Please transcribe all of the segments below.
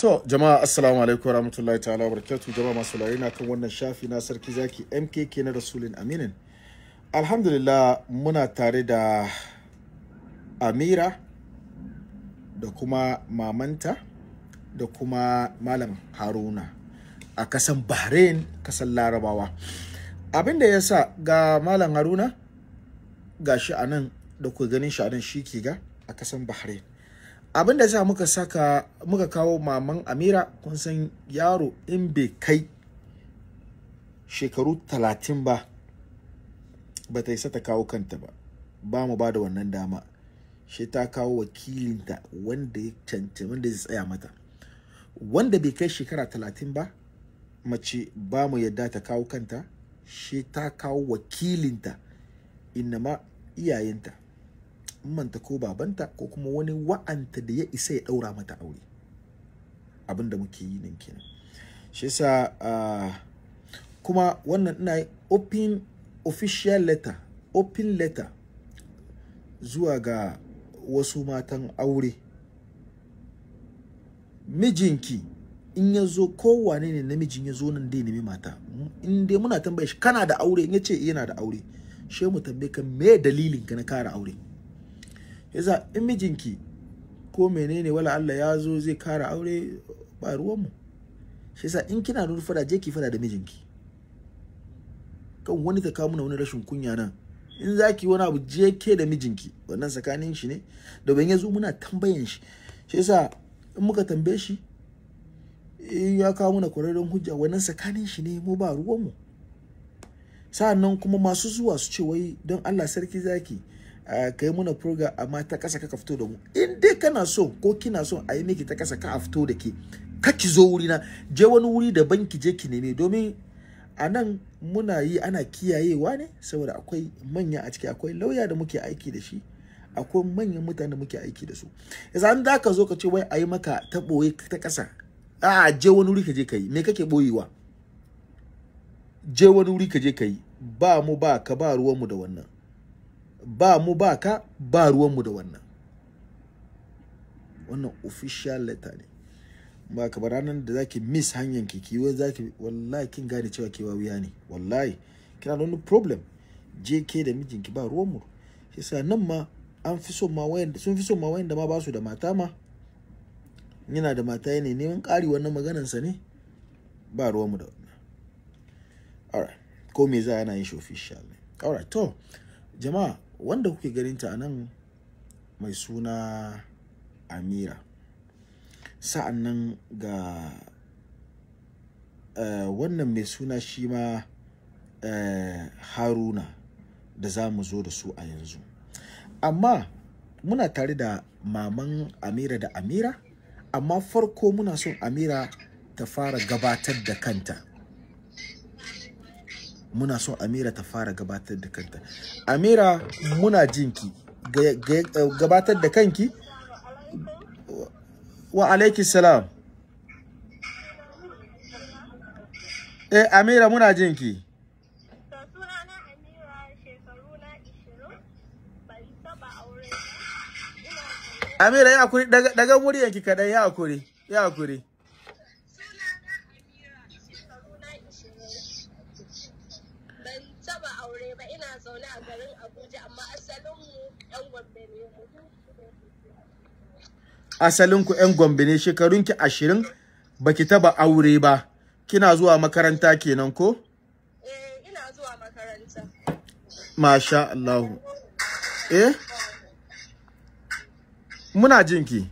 To jama'a assalamu alaikum wa rahmatullahi ta'ala wa barakatuhu jama'a masu laurari na kan wannan shafi na sarki zaki MKK na Rasulin Aminin. Alhamdulillah muna tare da Amira da kuma mamanta da kuma Malam Haruna a kasan Bahrain kasan Larabawa. Abin da ya sa ga Malam Haruna ga shi a nan da ku ganin shi a shi ke ga a kasan Bahrain. abin da za muka saka muka kawo maman amira kun san yaro in bai kai shekaru talatin ba ba ta isa ta kawo kanta ba ba mu ba da wannan dama shi ta kawo wakilinta wanda ya cancanci wanda zai tsaya mata wanda bai kai shekara talatin ba mace ba mu yadda ta kawo kanta shi ta kawo wakilinta inama iyayenta manta ko babanta ko kuma wani wa'anta da ya isa ya ɗaura mata aure abin da muke yi nan kenan shi yasa kuma wannan ina open official letter open letter zuwa ga wasu matan aure mijinki in ya zo kowane ne namijin ya zo nan dai nemi mata in dai muna tambaye shi kana da aure in ya ce eh, yana da aure shi mu tambaye ka me dalilin ka na kara aure yasa in mijinki ko menene wala Allah ya zo zai kara aure ba ruwanmu shi yasa in kina da fada je ki fada da mijinki kan wani ta kawo wani rashin kunya nan in za ki wani abu je ke da mijinki wannan tsakanin shi ne da ban ya zo muna tambayan shi shi yasa in muka tambaye shi in eh, ya kawo muna kwararren hujja wannan tsakanin shi ne mu ba ruwanmu sa'annan kuma masu zuwa su ce wai don Allah sarki zaki ka yi muna program amma ta kasa kaka fito da mu in dai kana so ko kina so a yi miki ta kasa ka fito da ke ka ki zo wurina je wani wuri da ki je ki neme domin a nan muna yi ana kiyayewa ne saboda akwai manya a ciki akwai lauya da muke aiki da shi akwai manyan mutane muke aiki da su yanzu an da ka zo ka ce wai a yi maka ta ɓoye ta ƙasa a je wani wuri ka je ka me kake boyewa je wani wuri ka je ka yi ba mu ba ka ba ruwanmu da wannan ba mu ba ka ba ruwanmu da wannan wannan official letter ne ba ka ranar da zaki miss hanyar ki ki zaki wallahi kin gane cewa ke wawiya ne wallahi kina da wani problem je ke da mijinki ba ruwanmu shi sa nan ma an fi so ma wayan sun fi so ma da ma ba su da mata ma yana da mata yana neman ƙari wannan sa ne ba ruwanmu da wannan alright ko me za yana yin shi official ne alright to jama'a wanda kuke ganinta a nan mai suna amira sa'an nan ga uh, wannan mai suna shi ma uh, haruna da za mu zo da su a yanzu amma muna tare da maman amira da amira amma farko muna son amira ta fara gabatar da kanta muna son amira ta fara gabatar da kanta amira muna jinki eh, gabatar da kanki wa alaiki salam eh amira muna jinki amira ya kuri daga muryanki kadan ya kuri ya kuri asalin ku ƴan Gombe ne shekarun ki ba ki taba aure ba kina zuwa makaranta kenan ko eh, masha Allah eh muna jinki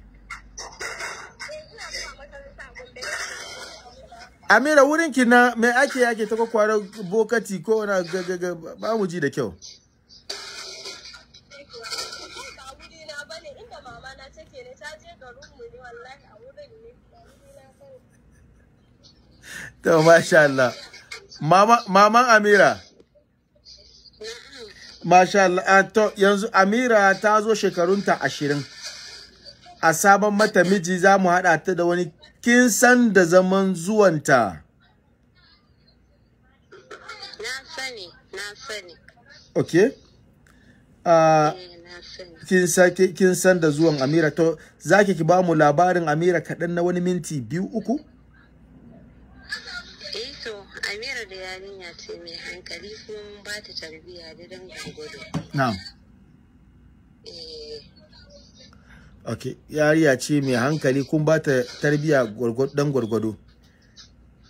Amira wurinki na mai ake yake ta kwakwara bokati ko na ba mu ji da kyau to masha Allah mama maman Amira masha Allah ah, to yanzu Amira ta zo shekarunta ashirin a sabon mata miji za mu haɗa ta da wani kin san da zaman zuwanta na sani na sani okay uh, kin sake kin san da zuwan Amira to zaki ki ba mu labarin Amira kaɗan na wani minti biyu uku ce mai hankali kuma mun ba ta tarbiya da don gwagwado. Na'am. Eh. Ok, yariya ce mai hankali kun ba ta tarbiyya dan gwargwado.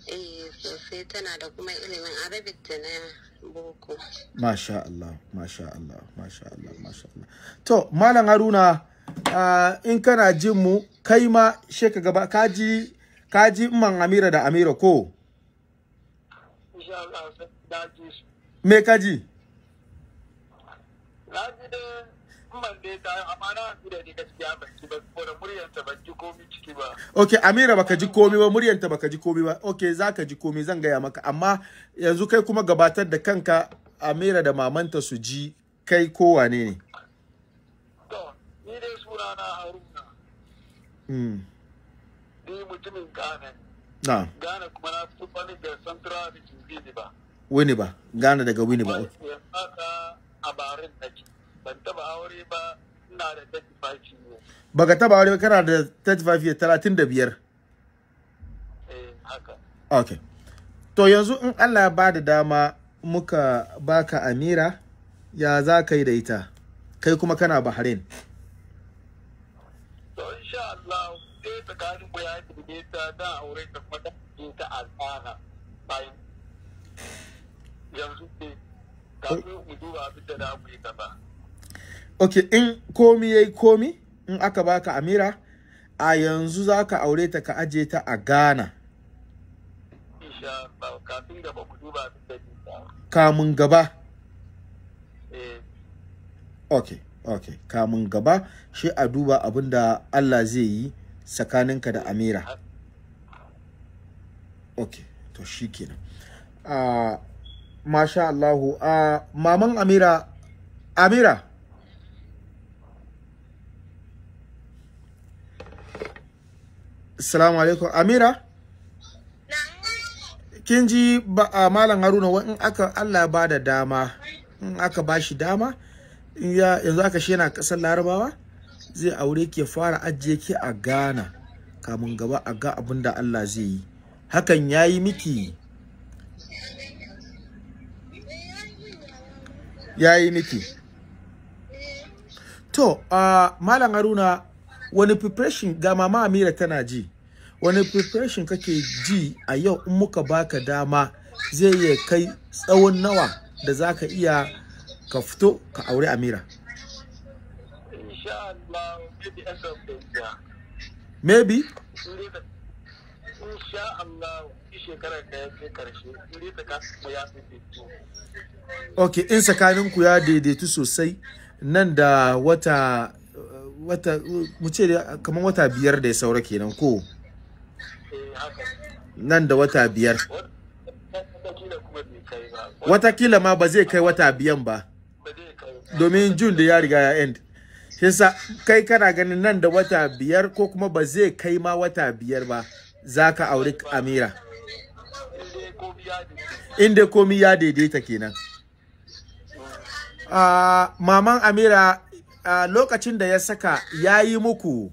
Eh, sosai tana da kuma ilimin Arabic da na boko. Masha Allah, masha Allah, masha Allah, masha Allah. To, Malam Haruna, uh, in kana jin mu, kai ma sheka gaba, kaji, kaji man Amira da Amira ko? me ka ji na ji da man dai ta amma na ji da ni gaskiya ban ji ba saboda muryarta ba ji komai ciki ba okay Amira baka ji komi ba muryarta baka ji komi ba okay zaka ji komi, zan gaya maka amma yanzu kai kuma gabatar da kanka Amira da mamanta su ji kai ko wane ne to ni dai sunana Haruna mm ni mutumin Ghana na Ghana kuma na fito fani da Central Region Ghana daga Winneba ba oh. haka a barin ban taba aure ba ina da 35 years taba aure kana da 35 years 35 eh haka ok to yanzu in Allah ba da dama muka baka Amira ya za ka yi da ita kai kuma kana Bahrain ta da aure Ok, in komi ya yi komi, in aka baka Amira, a yanzu za ka aure ta ka aje ta a Ghana. Kafin gaba ku Kamun gaba. Eh. Ok, ok, kamun gaba shi a duba abin da Allah zai yi tsakaninka da Amira. ok to shi kenan a ah, masha Allahu a ah, maman amira amira salamu alaikum amira kin ji a ah, malam haruna wa in aka allah ba da dama in aka ba shi dama yanzu aka shi yana kasar larabawa zai aure ke fara ajiye ke a ghana kamun gaba a ga abin da allah zai yi hakan ya yi miki ya yi miki to uh, malam haruna wani preparation ga mama amira tana ji wani preparation kake ji a yau in muka baka dama zai iya kai tsawon nawa da za ka iya ka fito ka aure amira maybe insha Allah shekarar da ya karshe in dai ya daidaitu ok in tsakanin ku ya daidaitu sosai nan da wata wata mu ce kamar wata biyar da ya saura kenan ko eh, nan da wata biyar watakila ma ba zai kai wata biyan ba domin jun da ya riga ya end shi kai kana ganin nan da wata biyar ko kuma ba zai kai ma wata biyar ba za ka auri amira inda komi ya daidaita kenan a ah, maman amira ah, lokacin da ya saka ya yi muku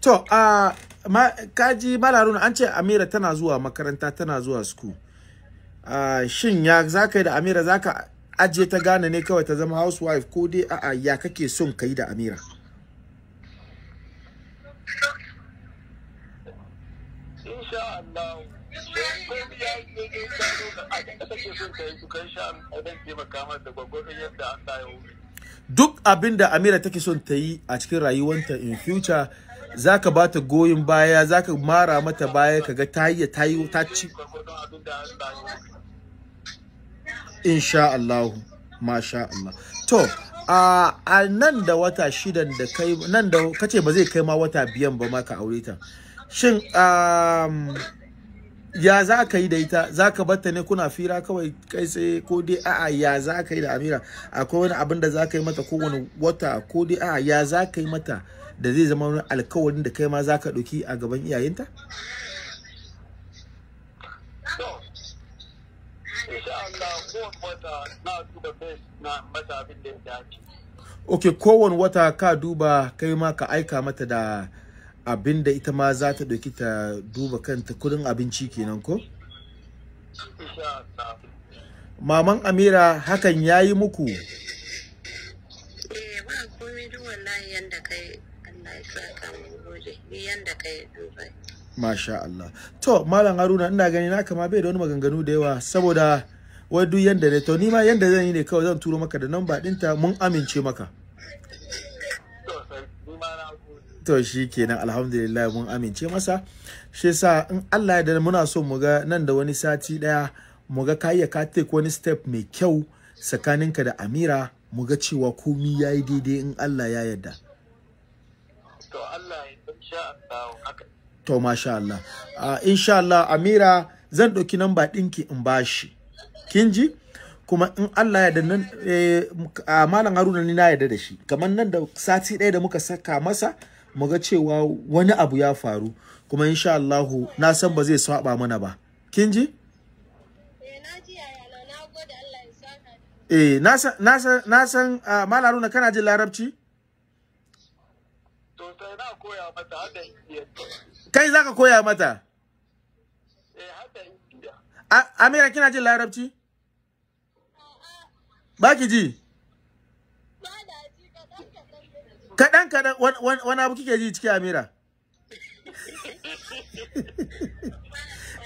to a ah, ma, kaji malaruna an ce amira tana zuwa makaranta tana zuwa school a shin ya za ka yi da amira za ka ajiye ta gane ne kawai ta zama housewife ko dai a'a ya kake son ka yi da amira abokan sha'an zan taimaka mata gwagwarin yadda an ya Duk abin da Amira take son ta yi a cikin rayuwanta in future za ka ba ta goyon baya za ka mara mata baya ka ga ta yi ta yi ta ci. Insha Allah, masha Allah. To, a nan da wata shidan da kai nan da kace ba zai kai ma wata biyan ba ma ka aure ta. Shin um, ya za ka yi da ita za ka batta ne kuna fira kawai kai sai ko dai a'a ya za ka yi da amira akwai wani abin da za ka yi mata kowane wata ko dai a'a ya za ka yi mata da zai zama wani alkawarin da kai ma za ka ɗauki a gaban iyayenta? Ok, kowane wata ka duba kai ma ka aika mata da abinda ita ma za ta ɗauki ta duba kanta kudin abinci kenan ko? Maman Amira hakan ya yi muku? Masha Allah. To Malam Haruna ina gani na kama bai da wani maganganu da yawa saboda wai duk yanda ne to ni ma yanda zan yi ne kawai zan turo maka da namba ɗinta mun amince maka. to shi kenan alhamdulillah mun amince masa shi sa in Allah ya da muna so mu ga nan da wani sati daya mu ga ka iya ka wani step mai kyau tsakaninka da Amira mu ga cewa komi yayi daidai in Allah ya yarda to Allah insha to masha Allah ah, insha Allah Amira zan ɗauki namba ɗinki in bashi kin ji kuma in Allah ya da nan eh, a malam Haruna ni na yarda da shi kamar nan da sati ɗaya da muka saka masa mu ga cewa wani abu ya faru kuma insha Allah na san ba zai saba mana ba kin ji eh na san na san na san malam Haruna kana jin larabci to sai na koya mata hada kai zaka koya mata eh hada Amira kina jin larabci ba ki ji kaɗan kaɗan wani abu kike ji ciki amira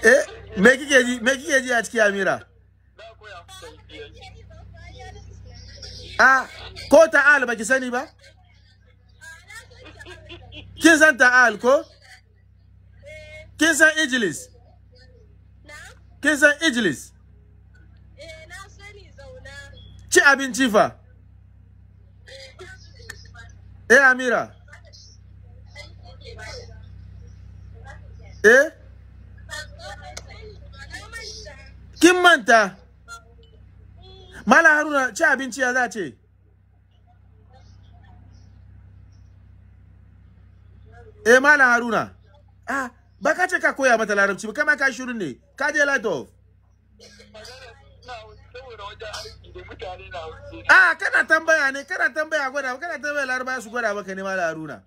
eh me kike ji me kike ji a ciki amira a ah, ko ta'al baki sani ba kin san ta'al ko kin san ijilis kin san ijilis ci abinci fa eh amira eh kin manta mala haruna ci abinci ya za ce eh mala haruna ah ba ka ce ka koya mata larabci ba kama ka shirin ne ka je light off a kana tambaya ne kana tambaya gwada kana tambaya laraba su gwada maka ne mala haruna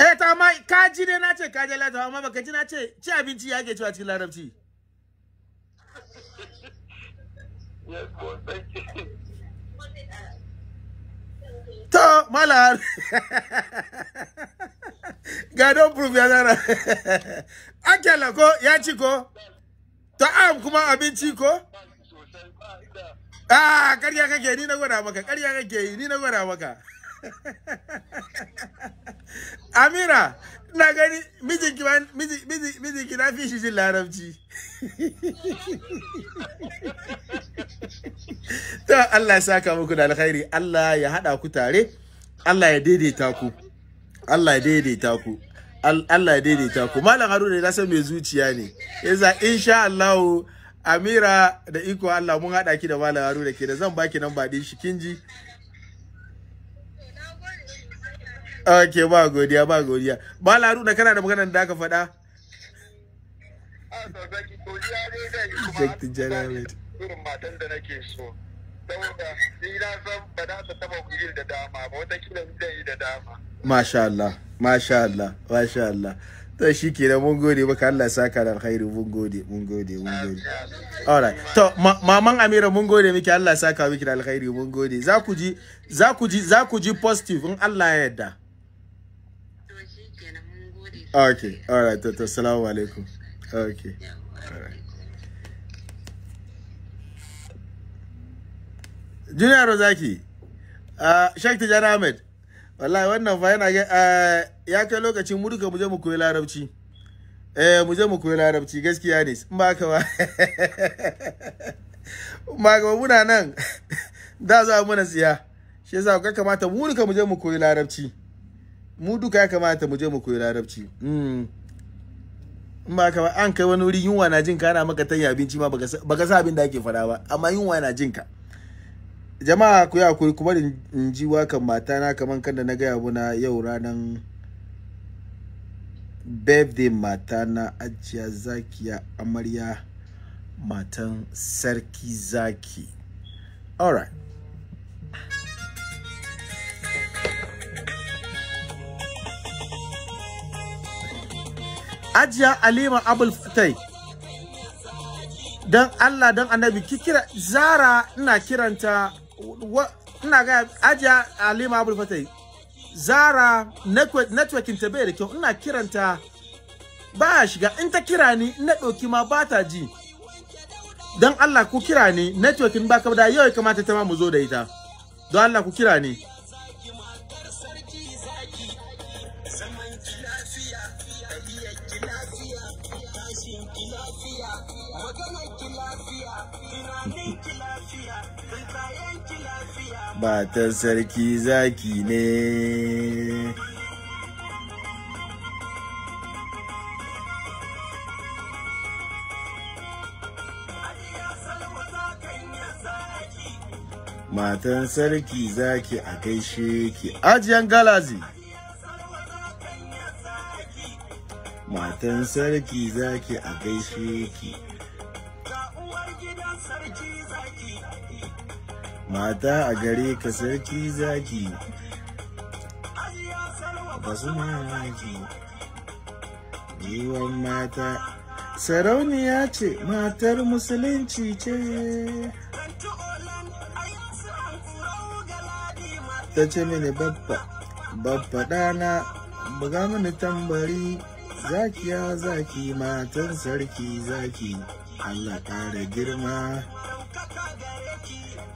eh ta ma ka ji ne na ce ka je lata amma baka ji na ce ci abinci ya ke cewa cikin larabci to mala haruna ga don proof ya zara akela ko ya ci ko Ta'am kuma abinci ko? Ah, ƙarya kake ni na gwada maka, ƙarya kake yi ni na gwada maka. Amira, ina gani mijinki ba ki na fi shi jin larabci. To Allah ya saka muku da alkhairi, Allah ya hada ku tare, Allah ya daidaita ku. Allah ya daidaita ku. Allah ya daidaita ku malam Haruna na san mai zuciya ne yasa insha Allah Amira da iko Allah mun hada ki da malam Haruna ke da zan baki nan ba din shi kinji Ok, ba godiya, ba godiya. Malam Haruna kana da maganar da aka faɗa? Inspector ah, General. kuma matan da nake so. saboda ni na san ba za ta taba yi da dama ba wata kila zai yi da dama masha Allah masha Allah masha Allah to shi mun gode maka Allah ya saka da alkhairi mun gode mun gode mun gode alright to maman Amira mun gode miki Allah ya saka miki da alkhairi mun gode za ku ji za ku ji za ku ji positive in Allah ya yarda okay alright to assalamu alaikum okay alright Junior Rozaki, uh, Sheikh Tijjani Ahmed, wallahi wannan fa yana ga uh, ya kai lokacin mu duka mu je mu koyi larabci. Eh mu je mu koyi larabci gaskiya ne in ba ka ba. ba muna nan da za mu na siya. Shi yasa ka kamata mu duka mu je mu koyi larabci. Mu duka ya kamata mu je mu koyi larabci. Mm. in ba ka ba an kai wani wuri yunwa na jinka ana maka tanya abinci ma baka sa abin da ake faɗa ba amma yunwa na jinka jama'a ku yi hakuri kuma in ji wakan matana kamar kan da na gaya muna yau ranar birthday matana ajiya zakiya amarya matan sarki zaki ajiya alima abul fitai don allah don annabi ki kira zara ina kiranta ina ga ajiya alima abu fatai zara networking ta bai da kyau ina kiranta ba shiga in ta kira ni na ɗauki ma ba ta ji don Allah ku kira ni networking ba ka da yau ya kamata ta ma mu zo da ita don Allah ku kira ni Matan sarki zaki ne matan sarki zaki a kai sheki. ajiyan galazi matan sarki zaki a kai sheki. mata a gare ka sarki zaki ba su mamaki yiwon mata sarauniya ce matar musulunci ce ta ce mini babba babba dana buga mini tambari zakiya zaki matan sarki zaki allah ƙara girma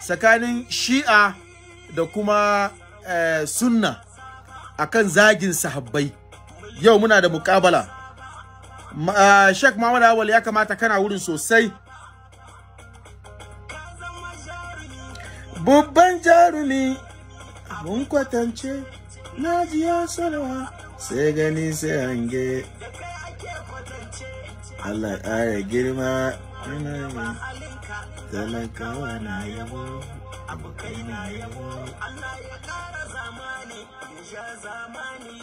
tsakanin shi'a da kuma eh, Sunna, a kan zagin sahabbai yau muna da mukabala Ma, uh, ya kamata kana wurin sosai babban jarumi mun kwatance na ji ya salawa sai gani sai hange Allah ƙara girma talakawa na yabo abokai na yabo Allah ya kara zamani ya sha zamani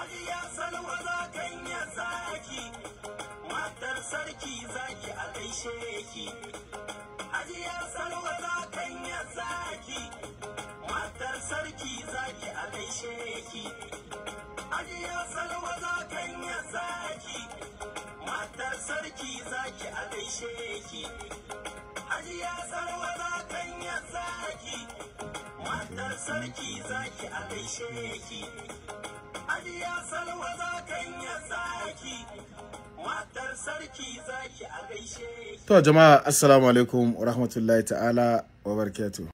Aliya salwa za kan ya sarki zaki a gaishe ki Aliya salwa za kan ya zaki ya salwa za kan ya zaki matar sarki zaki a gaishe ki hajiya salwa za kan ya zaki matar sarki zaki a gaishe ki hajiya salwa za kan ya zaki matar sarki zaki a ki to jama'a assalamu alaikum wa rahmatullahi ta'ala wa barakatuh